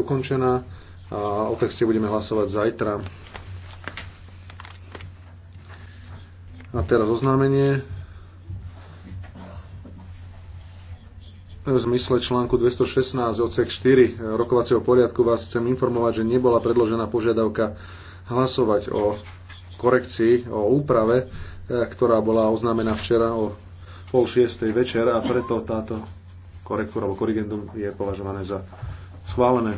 ukončená a o texte budeme hlasovať zajtra. A teraz oznámenie. V zmysle článku 216 odsek 4 rokovacieho poriadku vás chcem informovať, že nebola predložená požiadavka hlasovať o korekcii, o úprave, e, ktorá bola oznámená včera o pol šiestej večer a preto táto korektúra alebo korigendum je považované za Schválené.